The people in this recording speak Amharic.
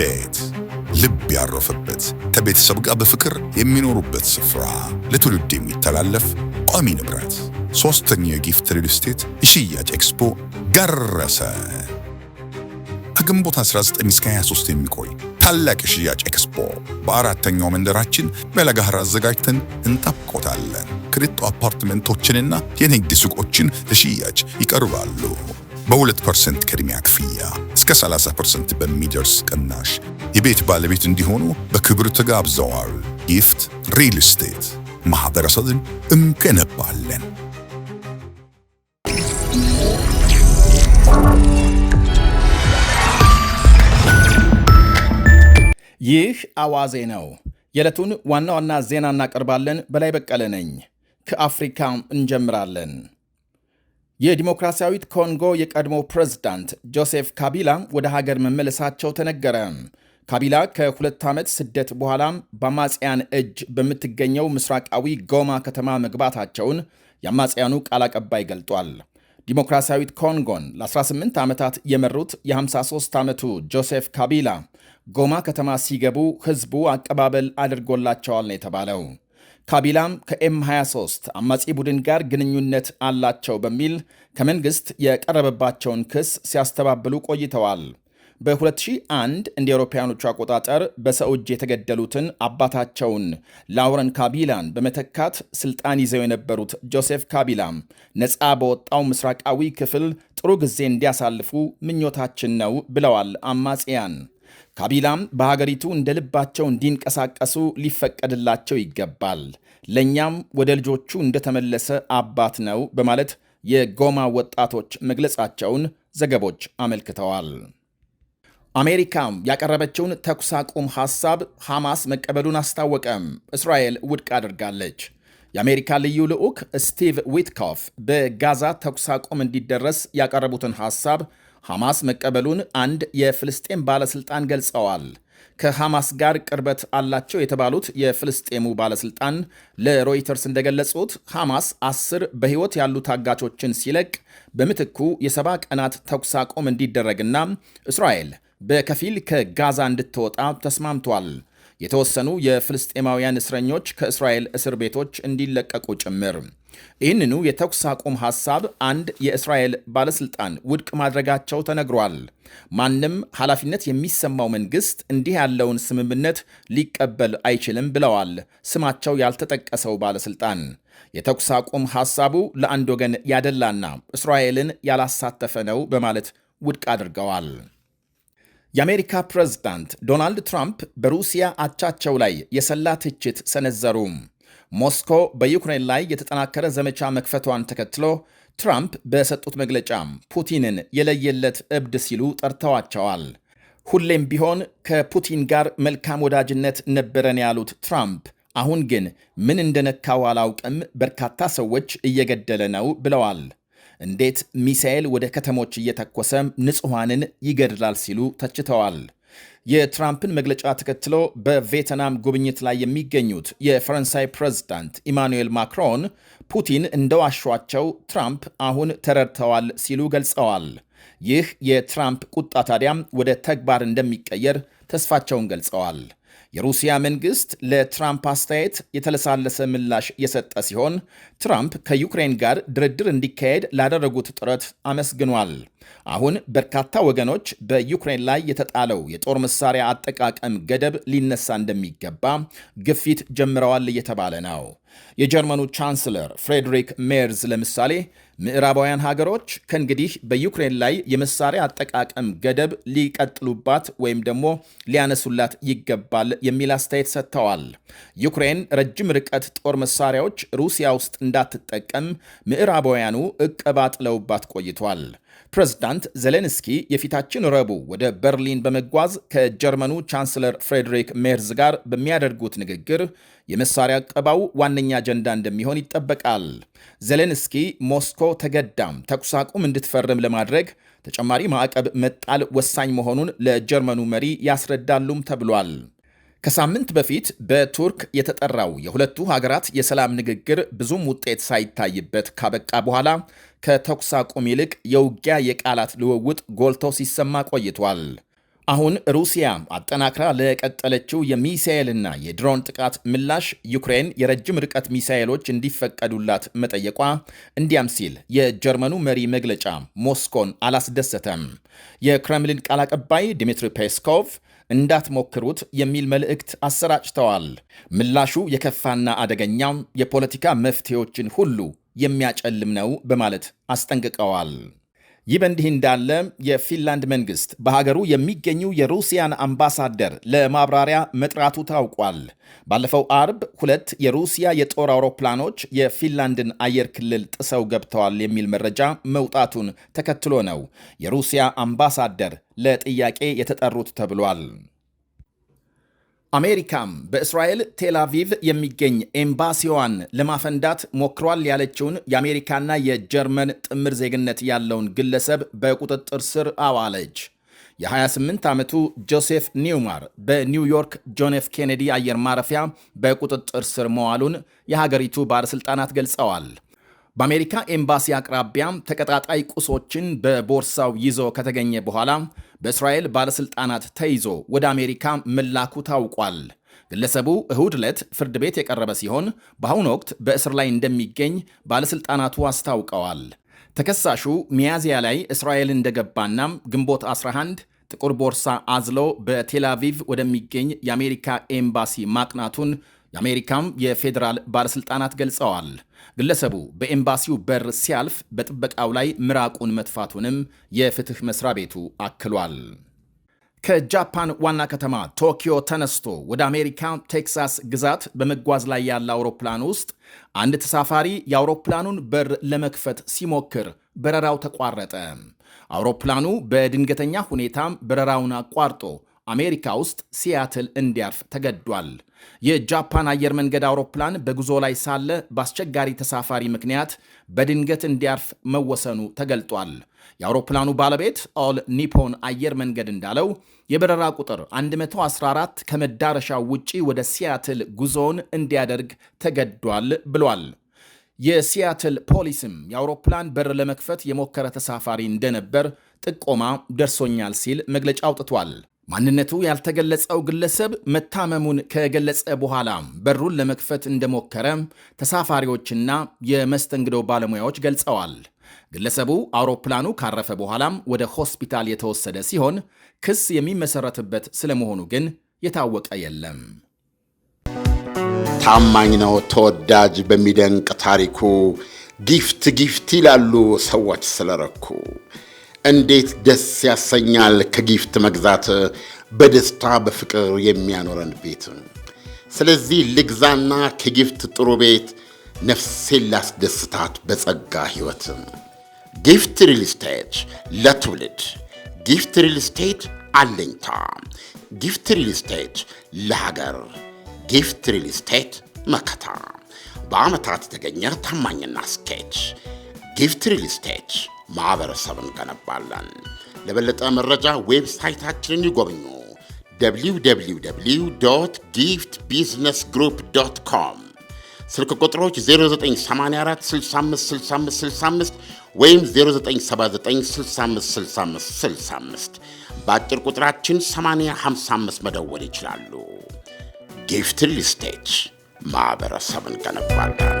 ቤት ልብ ያረፈበት ከቤተሰብ ጋር በፍቅር የሚኖሩበት ስፍራ ለትውልድ የሚተላለፍ ቋሚ ንብረት። ሶስተኛው የጊፍት ሪል ስቴት የሽያጭ ኤክስፖ ደረሰ። ከግንቦት 19 እስከ 23 የሚቆይ ታላቅ የሽያጭ ኤክስፖ በአራተኛው መንደራችን በለጋህር አዘጋጅተን እንጠብቆታለን። ክሪቶ አፓርትመንቶችንና የንግድ ሱቆችን ለሽያጭ ይቀርባሉ። በ2 ፐርሰንት ቅድሚያ ክፍያ እስከ 30 ፐርሰንት በሚደርስ ቅናሽ የቤት ባለቤት እንዲሆኑ በክብር ተጋብዘዋል። ጊፍት ሪል ስቴት ማህበረሰብን እንገነባለን። ይህ አዋዜ ነው። የዕለቱን ዋና ዋና ዜና እናቀርባለን። በላይ በቀለ ነኝ። ከአፍሪካ እንጀምራለን። የዲሞክራሲያዊት ኮንጎ የቀድሞ ፕሬዝዳንት ጆሴፍ ካቢላ ወደ ሀገር መመለሳቸው ተነገረ። ካቢላ ከሁለት ዓመት ስደት በኋላም በአማጽያን እጅ በምትገኘው ምስራቃዊ ጎማ ከተማ መግባታቸውን የአማጽያኑ ቃል አቀባይ ገልጧል። ዲሞክራሲያዊት ኮንጎን ለ18 ዓመታት የመሩት የ53 ዓመቱ ጆሴፍ ካቢላ ጎማ ከተማ ሲገቡ ሕዝቡ አቀባበል አድርጎላቸዋል ነው የተባለው። ካቢላም ከኤም 23 አማጺ ቡድን ጋር ግንኙነት አላቸው በሚል ከመንግሥት የቀረበባቸውን ክስ ሲያስተባብሉ ቆይተዋል። በ2001 እንደ አውሮፓውያኖቹ አቆጣጠር በሰው እጅ የተገደሉትን አባታቸውን ላውረን ካቢላን በመተካት ስልጣን ይዘው የነበሩት ጆሴፍ ካቢላም ነፃ በወጣው ምስራቃዊ ክፍል ጥሩ ጊዜ እንዲያሳልፉ ምኞታችን ነው ብለዋል አማጽያን። ካቢላም በሀገሪቱ እንደ ልባቸው እንዲንቀሳቀሱ ሊፈቀድላቸው ይገባል፣ ለእኛም ወደ ልጆቹ እንደተመለሰ አባት ነው በማለት የጎማ ወጣቶች መግለጻቸውን ዘገቦች አመልክተዋል። አሜሪካም ያቀረበችውን ተኩስ አቁም ሐሳብ ሐማስ መቀበሉን አስታወቀም፣ እስራኤል ውድቅ አድርጋለች። የአሜሪካ ልዩ ልዑክ ስቲቭ ዊትኮፍ በጋዛ ተኩስ አቁም እንዲደረስ ያቀረቡትን ሐሳብ ሐማስ መቀበሉን አንድ የፍልስጤም ባለሥልጣን ገልጸዋል። ከሐማስ ጋር ቅርበት አላቸው የተባሉት የፍልስጤሙ ባለሥልጣን ለሮይተርስ እንደገለጹት ሐማስ አስር በሕይወት ያሉ ታጋቾችን ሲለቅ በምትኩ የሰባ ቀናት ተኩስ አቁም እንዲደረግና እስራኤል በከፊል ከጋዛ እንድትወጣ ተስማምቷል። የተወሰኑ የፍልስጤማውያን እስረኞች ከእስራኤል እስር ቤቶች እንዲለቀቁ ጭምር ይህንኑ የተኩስ አቁም ሐሳብ አንድ የእስራኤል ባለሥልጣን ውድቅ ማድረጋቸው ተነግሯል። ማንም ኃላፊነት የሚሰማው መንግሥት እንዲህ ያለውን ስምምነት ሊቀበል አይችልም ብለዋል ስማቸው ያልተጠቀሰው ባለሥልጣን። የተኩስ አቁም ሐሳቡ ለአንድ ወገን ያደላና እስራኤልን ያላሳተፈ ነው በማለት ውድቅ አድርገዋል። የአሜሪካ ፕሬዝዳንት ዶናልድ ትራምፕ በሩሲያ አቻቸው ላይ የሰላ ትችት ሰነዘሩ። ሞስኮ በዩክሬን ላይ የተጠናከረ ዘመቻ መክፈቷን ተከትሎ ትራምፕ በሰጡት መግለጫ ፑቲንን የለየለት እብድ ሲሉ ጠርተዋቸዋል። ሁሌም ቢሆን ከፑቲን ጋር መልካም ወዳጅነት ነበረን ያሉት ትራምፕ አሁን ግን ምን እንደነካው አላውቅም፣ በርካታ ሰዎች እየገደለ ነው ብለዋል። እንዴት ሚሳኤል ወደ ከተሞች እየተኮሰ ንጹሐንን ይገድላል ሲሉ ተችተዋል። የትራምፕን መግለጫ ተከትሎ በቬትናም ጉብኝት ላይ የሚገኙት የፈረንሳይ ፕሬዝዳንት ኢማኑኤል ማክሮን ፑቲን እንደዋሿቸው ትራምፕ አሁን ተረድተዋል ሲሉ ገልጸዋል። ይህ የትራምፕ ቁጣ ታዲያም ወደ ተግባር እንደሚቀየር ተስፋቸውን ገልጸዋል። የሩሲያ መንግስት ለትራምፕ አስተያየት የተለሳለሰ ምላሽ የሰጠ ሲሆን ትራምፕ ከዩክሬን ጋር ድርድር እንዲካሄድ ላደረጉት ጥረት አመስግኗል። አሁን በርካታ ወገኖች በዩክሬን ላይ የተጣለው የጦር መሳሪያ አጠቃቀም ገደብ ሊነሳ እንደሚገባ ግፊት ጀምረዋል እየተባለ ነው። የጀርመኑ ቻንስለር ፍሬድሪክ ሜርዝ ለምሳሌ ምዕራባውያን ሀገሮች ከእንግዲህ በዩክሬን ላይ የመሳሪያ አጠቃቀም ገደብ ሊቀጥሉባት ወይም ደግሞ ሊያነሱላት ይገባል የሚል አስተያየት ሰጥተዋል። ዩክሬን ረጅም ርቀት ጦር መሳሪያዎች ሩሲያ ውስጥ እንዳትጠቀም ምዕራባውያኑ እቀባ ጥለውባት ቆይቷል። ፕሬዝዳንት ዜሌንስኪ የፊታችን ረቡዕ ወደ በርሊን በመጓዝ ከጀርመኑ ቻንስለር ፍሬድሪክ ሜርዝ ጋር በሚያደርጉት ንግግር የመሳሪያ ቀባው ዋነኛ አጀንዳ እንደሚሆን ይጠበቃል። ዜሌንስኪ ሞስኮ ተገዳም ተኩስ አቁም እንድትፈርም ለማድረግ ተጨማሪ ማዕቀብ መጣል ወሳኝ መሆኑን ለጀርመኑ መሪ ያስረዳሉም ተብሏል። ከሳምንት በፊት በቱርክ የተጠራው የሁለቱ ሀገራት የሰላም ንግግር ብዙም ውጤት ሳይታይበት ካበቃ በኋላ ከተኩስ አቁም ይልቅ የውጊያ የቃላት ልውውጥ ጎልቶ ሲሰማ ቆይቷል። አሁን ሩሲያ አጠናክራ ለቀጠለችው የሚሳኤልና የድሮን ጥቃት ምላሽ ዩክሬን የረጅም ርቀት ሚሳኤሎች እንዲፈቀዱላት መጠየቋ እንዲያም ሲል የጀርመኑ መሪ መግለጫ ሞስኮን አላስደሰተም። የክረምሊን ቃል አቀባይ ዲሚትሪ ፔስኮቭ እንዳትሞክሩት የሚል መልእክት አሰራጭተዋል። ምላሹ የከፋና አደገኛም የፖለቲካ መፍትሄዎችን ሁሉ የሚያጨልም ነው በማለት አስጠንቅቀዋል። ይህ በእንዲህ እንዳለ የፊንላንድ መንግስት በሀገሩ የሚገኙ የሩሲያን አምባሳደር ለማብራሪያ መጥራቱ ታውቋል። ባለፈው አርብ ሁለት የሩሲያ የጦር አውሮፕላኖች የፊንላንድን አየር ክልል ጥሰው ገብተዋል የሚል መረጃ መውጣቱን ተከትሎ ነው የሩሲያ አምባሳደር ለጥያቄ የተጠሩት ተብሏል። አሜሪካም በእስራኤል ቴላቪቭ የሚገኝ ኤምባሲዋን ለማፈንዳት ሞክሯል ያለችውን የአሜሪካና የጀርመን ጥምር ዜግነት ያለውን ግለሰብ በቁጥጥር ስር አዋለች። የ28 ዓመቱ ጆሴፍ ኒውማር በኒውዮርክ ጆን ኤፍ ኬኔዲ አየር ማረፊያ በቁጥጥር ስር መዋሉን የሀገሪቱ ባለሥልጣናት ገልጸዋል። በአሜሪካ ኤምባሲ አቅራቢያ ተቀጣጣይ ቁሶችን በቦርሳው ይዞ ከተገኘ በኋላ በእስራኤል ባለሥልጣናት ተይዞ ወደ አሜሪካ መላኩ ታውቋል። ግለሰቡ እሁድ ዕለት ፍርድ ቤት የቀረበ ሲሆን በአሁኑ ወቅት በእስር ላይ እንደሚገኝ ባለሥልጣናቱ አስታውቀዋል። ተከሳሹ ሚያዝያ ላይ እስራኤል እንደገባና ግንቦት 11 ጥቁር ቦርሳ አዝሎ በቴላቪቭ ወደሚገኝ የአሜሪካ ኤምባሲ ማቅናቱን የአሜሪካም የፌዴራል ባለሥልጣናት ገልጸዋል። ግለሰቡ በኤምባሲው በር ሲያልፍ በጥበቃው ላይ ምራቁን መትፋቱንም የፍትህ መስሪያ ቤቱ አክሏል። ከጃፓን ዋና ከተማ ቶኪዮ ተነስቶ ወደ አሜሪካ ቴክሳስ ግዛት በመጓዝ ላይ ያለ አውሮፕላን ውስጥ አንድ ተሳፋሪ የአውሮፕላኑን በር ለመክፈት ሲሞክር በረራው ተቋረጠ። አውሮፕላኑ በድንገተኛ ሁኔታም በረራውን አቋርጦ አሜሪካ ውስጥ ሲያትል እንዲያርፍ ተገዷል። የጃፓን አየር መንገድ አውሮፕላን በጉዞ ላይ ሳለ በአስቸጋሪ ተሳፋሪ ምክንያት በድንገት እንዲያርፍ መወሰኑ ተገልጧል። የአውሮፕላኑ ባለቤት ኦል ኒፖን አየር መንገድ እንዳለው የበረራ ቁጥር 114 ከመዳረሻው ውጪ ወደ ሲያትል ጉዞውን እንዲያደርግ ተገዷል ብሏል። የሲያትል ፖሊስም የአውሮፕላን በር ለመክፈት የሞከረ ተሳፋሪ እንደነበር ጥቆማ ደርሶኛል ሲል መግለጫ አውጥቷል። ማንነቱ ያልተገለጸው ግለሰብ መታመሙን ከገለጸ በኋላ በሩን ለመክፈት እንደሞከረ ተሳፋሪዎችና የመስተንግዶ ባለሙያዎች ገልጸዋል። ግለሰቡ አውሮፕላኑ ካረፈ በኋላም ወደ ሆስፒታል የተወሰደ ሲሆን ክስ የሚመሰረትበት ስለመሆኑ ግን የታወቀ የለም። ታማኝ ነው ተወዳጅ በሚደንቅ ታሪኩ ጊፍት ጊፍት ይላሉ ሰዎች ስለረኩ እንዴት ደስ ያሰኛል ከጊፍት መግዛት በደስታ በፍቅር የሚያኖረን ቤት። ስለዚህ ልግዛና ከጊፍት ጥሩ ቤት ነፍሴን ላስደስታት በጸጋ ሕይወት። ጊፍት ሪል ስቴት ለትውልድ ጊፍት ሪል ስቴት አለኝታ፣ ጊፍት ሪል ስቴት ለሀገር፣ ጊፍት ሪል ስቴት መከታ፣ በዓመታት የተገኘ ታማኝና ስኬች ጊፍት ሪል ስቴት ማህበረሰብን ገነባለን። ለበለጠ መረጃ ዌብሳይታችንን ይጎብኙ፣ www ጊፍት ቢዝነስ ግሩፕ ዶት ኮም። ስልክ ቁጥሮች 0984656565 ወይም 0979656565 በአጭር ቁጥራችን 855 መደወል ይችላሉ። ጊፍት ሊስቴች ማኅበረሰብን ገነባለን።